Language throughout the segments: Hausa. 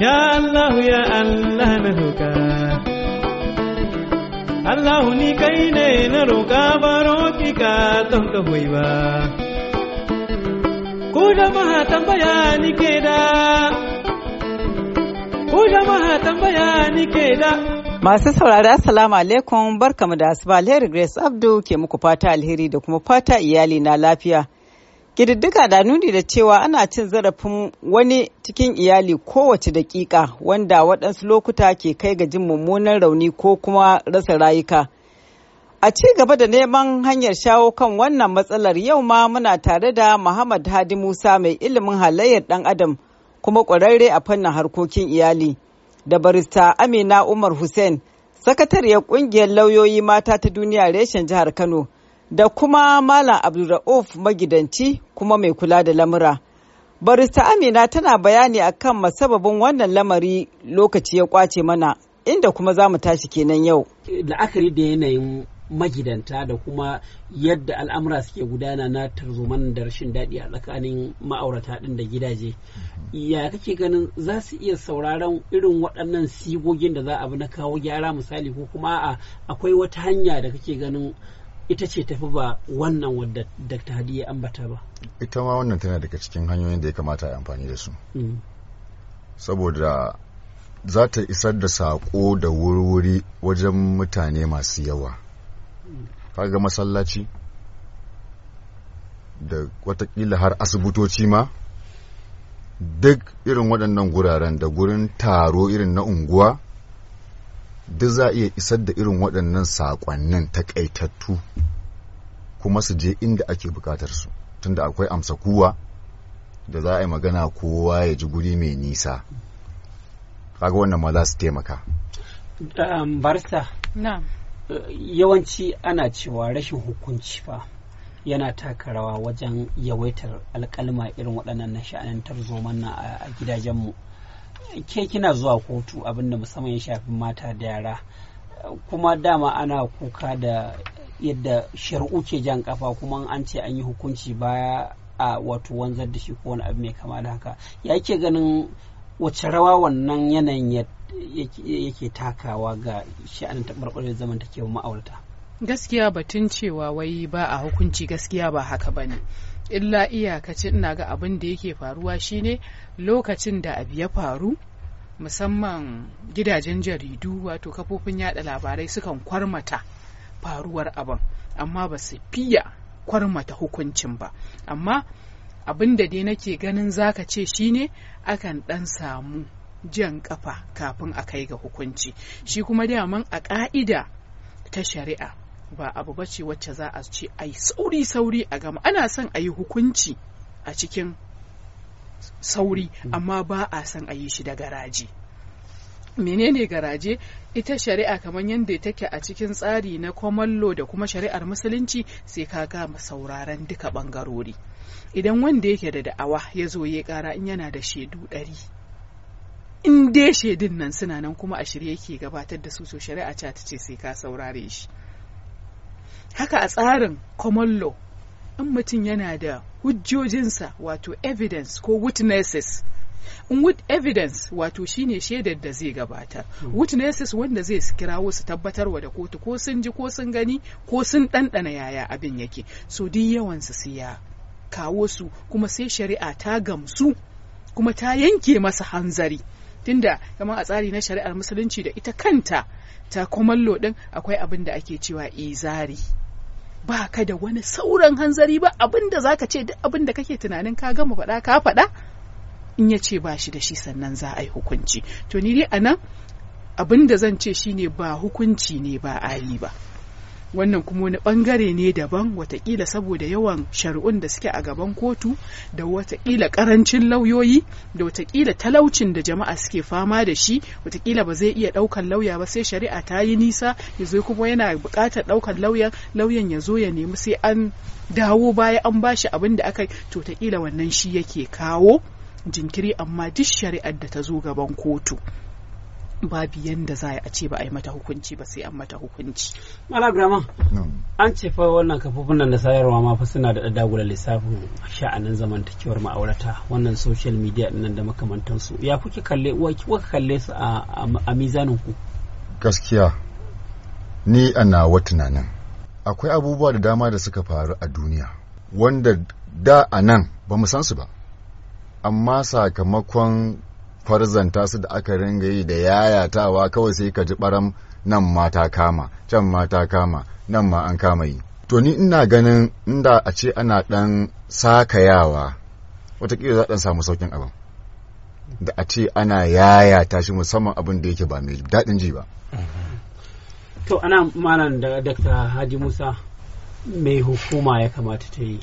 Ya Allah ya Allah na roƙa Allah ni kai ne na roƙa baro ki ka don ka hoyi ba Ku jama'a tambaya ni ke da Ku jama'a tambaya ni ke da Masu saurari Assalamu alaikum barkamu da asuba Alheri Grace Abdu ke muku fata alheri da kuma fata iyali na lafiya. Kididdika da nuni da cewa ana cin zarafin wani cikin iyali kowace daƙiƙa wanda waɗansu lokuta ke kai ga jin mummunan rauni ko kuma rasa rayuka. A ci gaba da neman hanyar shawo kan wannan matsalar yau ma muna tare da Muhammad Hadi Musa mai ilimin halayyar ɗan adam kuma ƙwararre a fannin harkokin iyali da barista Amina Umar Hussein sakatariyar ƙungiyar lauyoyi mata ta duniya reshen jihar Kano. da kuma Malam Abdulra'uf magidanci kuma mai kula da lamura. Barista Amina tana bayani akan masababin wannan lamari lokaci ya kwace mana inda kuma za mu tashi kenan yau. La'akari da yanayin magidanta da kuma yadda al'amura suke gudana na tarzoman da rashin daɗi a tsakanin ma'aurata ɗin da gidaje ya kake ganin za su iya sauraron irin waɗannan sigogin da za a bi na kawo gyara misali ko kuma a akwai wata hanya da kake ganin ita ce tafi ba wannan wadda Dr. Hadi ya ambata ba. Ita ma wannan tana daga cikin hanyoyin da ya kamata a amfani da su. Mm. Saboda za ta isar da saƙo da wurwuri wajen mutane masu yawa. Mm. Kaga masallaci da watakila har asibitoci ma duk irin waɗannan guraren da gurin taro irin na unguwa duk za a iya isar da irin waɗannan saƙonnin takaitattu kuma su je inda ake buƙatar su tunda akwai amsa kuwa da za a yi magana kowa ya ji guri mai nisa kaga wannan ma za su taimaka um, barista yawanci ana cewa rashin hukunci fa yana taka rawa wajen yawaitar alkalma irin waɗannan na sha'anin tarzoman na a gidajenmu ke kina zuwa kotu abinda musamman ya shafi mata da yara kuma dama ana kuka da yadda shari'u ke jan kafa kuma an ce an yi hukunci baya a wato wanzar da shi ko wani abu mai kama da haka ya ke ganin wace rawa wannan yanayin yake takawa ga sha'anin taɓarɓarar zamantakewa ma'aurata gaskiya batun cewa wai ba a hukunci gaskiya ba haka bane illa iyakacin ina ga abin da yake faruwa shine lokacin da abu ya faru musamman gidajen jaridu wato kafofin yada labarai sukan kwarmata faruwar abin amma ba su fiya kwarmata hukuncin ba amma abin da dai nake ganin zaka ce shine akan dan samu jan kafa kafin a kai ga hukunci shi kuma daman a ka'ida ta shari'a ba abu ba ce wacce za a ce ai sauri sauri a gama ana son a yi hukunci a cikin sauri hmm. amma ba a son a yi shi da garaje menene garaje ita shari'a kamar yadda take a cikin tsari na komallo da kuma shari'ar musulunci sai ka gama sauraron duka bangarori idan wanda yake da da'awa ya zo ya kara in yana da shaidu ɗari in dai shaidun nan suna nan kuma a shirye yake gabatar da su so shari'a ta ce sai ka saurare shi haka a tsarin common law in mutum yana da hujjojinsa wato evidence ko witnesses in evidence wato shine shaidar da zai gabatar hmm. witnesses wanda zai kirawo su tabbatarwa da kotu ko sun ji ko sun gani ko sun ɗanɗana yaya abin yake so duk yawansu su ya kawo su kuma sai shari'a ta gamsu kuma ta yanke masa hanzari tunda kamar a tsari na shari'ar musulunci da ita kanta ta kumallo din akwai abin da ake cewa izari ba ka da wani sauran hanzari ba abin da za ka ce duk abin da kake tunanin ka gama faɗa ka faɗa in ya ce ba shi da shi sannan za a yi hukunci to ni dai anan, nan abin da zan ce shine ba hukunci ne ba ayi ba wannan kuma wani bangare ne daban watakila saboda yawan shari'un da suke a gaban kotu da watakila karancin lauyoyi da watakila talaucin da jama'a suke fama da shi watakila ba zai iya daukan lauya ba sai shari'a ta yi nisa ya zo kuma yana bukatar daukan lauyan lauyan ya zo ya nemi sai an dawo baya an bashi abin da aka to watakila wannan shi yake kawo jinkiri amma duk shari'ar da ta zo gaban kotu babu yadda za a ce ba a yi mata hukunci ba sai an mata hukunci. Malagrama, an ce fa wannan kafofin nan da sayarwa ma fa suna da dagula lissafin sha'anin zamantakewar ma'aurata wannan social media nan da makamantansu ya kuke kalle kuka kalle su a mizanin ku. Gaskiya ni a nawa tunanin akwai abubuwa da dama da suka faru a duniya wanda da a nan ba mu san su ba amma sakamakon farzanta su da aka ringa yi da yayatawa kawai sai ka ji baram nan mata kama can mata kama nan ma an kama yi to ni ina ganin inda a ce ana dan sakayawa watakila za a dan samu saukin abin da a ce ana yayata shi musamman abin da yake ba mai daɗin ji ba to ana malam da dr haji musa mai hukuma ya kamata ta yi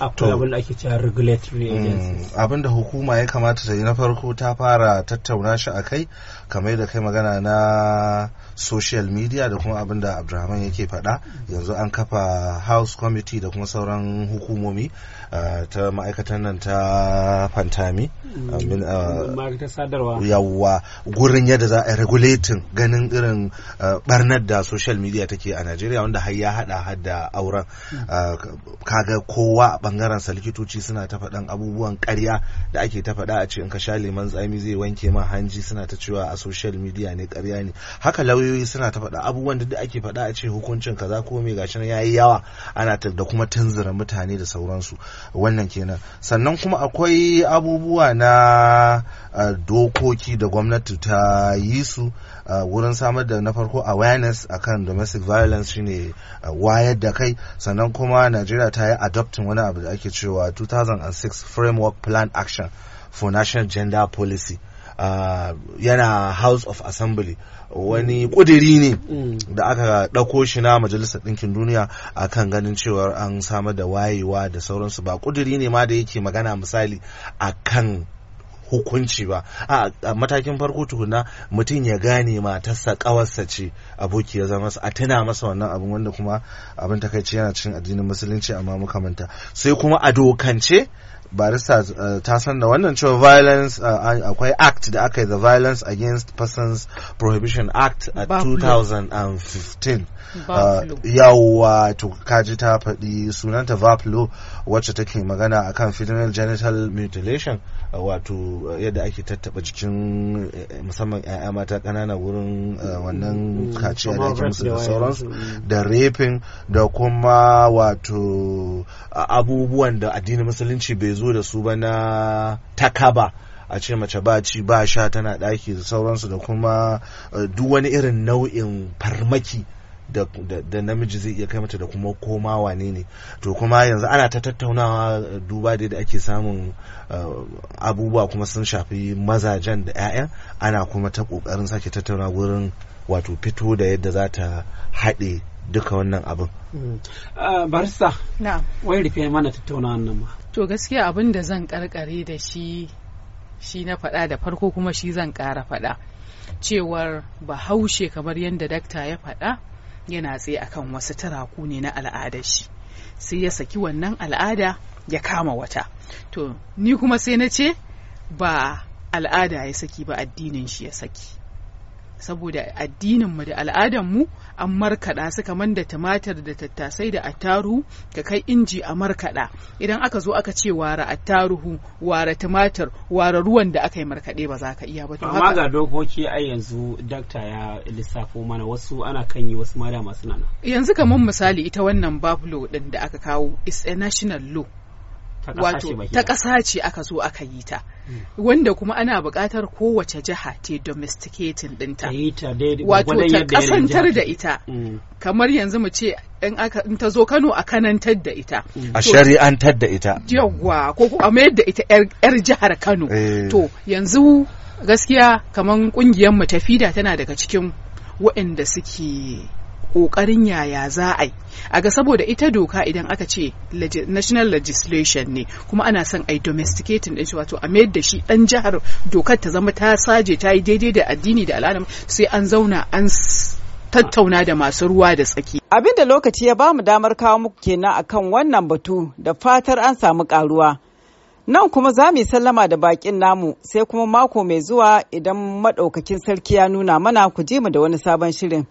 akwai abin da ake cewa regulatory mm, agency. abin da hukuma ya kamata ta yi na farko ta fara tattauna shi a kai kamar da kai magana na social media da kuma abin da abdulrahman yake faɗa yanzu an kafa house committee da kuma sauran hukumomi eh, ta ma'aikatan nan ta fantami Ah, yawwa gurin yadda za a regulating ganin irin barnar ah, da social media take a Najeriya wanda har ya hada hada auren hmm. ah, kaga kowa a bangaren sa likitoci suna ta faɗan abubuwan ƙarya da ake ta faɗa a ce in ka sha leman tsami zai wanke man hanji suna ta cewa a social media ne ƙarya ne haka lauyoyi suna ta faɗa abubuwan da ake faɗa a ce hukuncin kaza ko me gashi nan yayi yawa ana da kuma tunzura mutane da sauransu wannan kenan sannan kuma akwai abubuwa na na dokoki da gwamnati ta yi su wurin samar da na farko awareness akan domestic violence shine wayar da kai sannan kuma nigeria ta yi adopting wani abu da ake cewa 2006 framework plan action for national gender policy Uh, yana house of assembly wani kudiri ne da aka ɗauko shi na majalisar ɗinkin duniya a kan ganin cewa an samar da wayewa da sauransu ba kudiri ne ma da yake magana misali a kan. hukunci ba a matakin farko tukuna mutum ya gane matarsa kawarsa ce aboki ya zama masa a tana masa wannan abin wanda kuma abin takaici yana cin addinin musulunci amma mukamanta sai kuma a dokance barista eh, ta san da wannan cewa violence eh, akwai act da aka yi the violence against persons prohibition act a 2015 eh, yawwa to kaji ta faɗi sunanta vaplo wacce take magana akan female genital mutilation wato yadda ake tattaba jikin musamman 'ya'ya mata kanana wurin wannan kaciya da ake musu da sauransu mm, da raping da kuma wato abubuwan da addinin musulunci bai zo da su ba na takaba a ce mace ba ci ba sha tana ɗaki da sauransu da kuma eh, duk wani irin nau'in farmaki da namiji zai iya kai mata da kuma koma wane ne to kuma yanzu ana ta tattaunawa eh, duba dai da ake samun eh, abubuwa kuma sun shafi mazajen da 'ya'ya ana kuma ta kokarin sake tattauna wurin wato fito da yadda za ta haɗe duka wannan abin. Eh, barista wai rufe mana tattauna wannan ma. to gaskiya abin da zan karkare da shi shi na faɗa da farko kuma shi zan ƙara faɗa cewar bahaushe kamar yadda dakta ya faɗa yana tsaye akan wasu taraku ne na al'ada shi sai ya saki wannan al'ada ya kama wata to ni kuma sai na ce ba al'ada ya saki ba addinin shi ya saki saboda addininmu da al'adarmu an markaɗa su kamar da tumatir da tattasai da attaruhu ka kai inji a markaɗa idan aka zo aka ce wara attaruhu wara tumatir ware ruwan da aka yi markaɗe ba za ka iya ba to amma ga dokoki ai yanzu dakta ya lissafo mana wasu ana kan yi wasu ma masu nana yanzu kamar misali ita wannan bablo din da aka kawo is a national law wato ta ƙasa ce aka zo aka yi ta hmm. wanda kuma ana buƙatar kowace jiha ta domesticating ɗinta wato ta ƙasantar da ita hmm. kamar yanzu mu ce in ta zo kano a kanantar da ita hmm. a shari'antar da ita yawwa ko a mayar da ita 'yar jihar kano eh. to yanzu gaskiya kamar ƙungiyar mu ta fida tana daga cikin waɗanda suke ƙoƙarin yaya za a yi a ga saboda ita doka idan aka ce national legislation ne kuma ana son a yi domesticating ɗin wato a mayar da shi ɗan jihar dokar ta zama ta saje ta yi daidai da addini da al'adam sai an zauna an tattauna da masu ruwa da tsaki. Abin da lokaci ya bamu damar kawo muku kenan akan wannan batu da fatar an samu karuwa. Nan kuma za mu yi sallama da bakin namu sai kuma mako mai zuwa idan maɗaukakin sarki ya nuna mana ku ji mu da wani sabon shirin.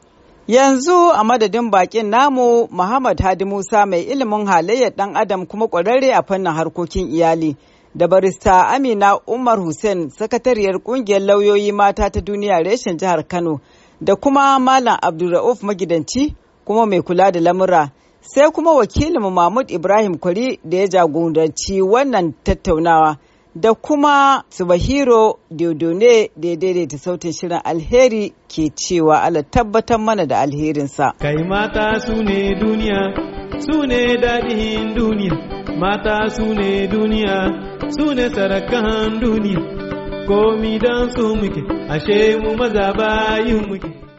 Yanzu a madadin bakin namu Muhammad Hadi Musa mai ilimin halayyar dan adam kuma kwararre a fannin harkokin iyali. Da barista Amina Umar Hussein sakatariyar kungiyar lauyoyi mata ta duniya reshen jihar Kano da kuma Malam Abdulra'uf magidanci kuma mai kula da lamura. Sai kuma wakilin Mahmud Ibrahim Kwari da ya jagoranci wannan tattaunawa. da kuma Subahiro Dodone da ya daidaita sautin shirin alheri ke cewa ala tabbatar mana da alherinsa. Kai mata su ne duniya, su ne daɗin duniya, mata su ne duniya, su ne sarakan duniya, komi don su muke, ashe mu maza bayin muke.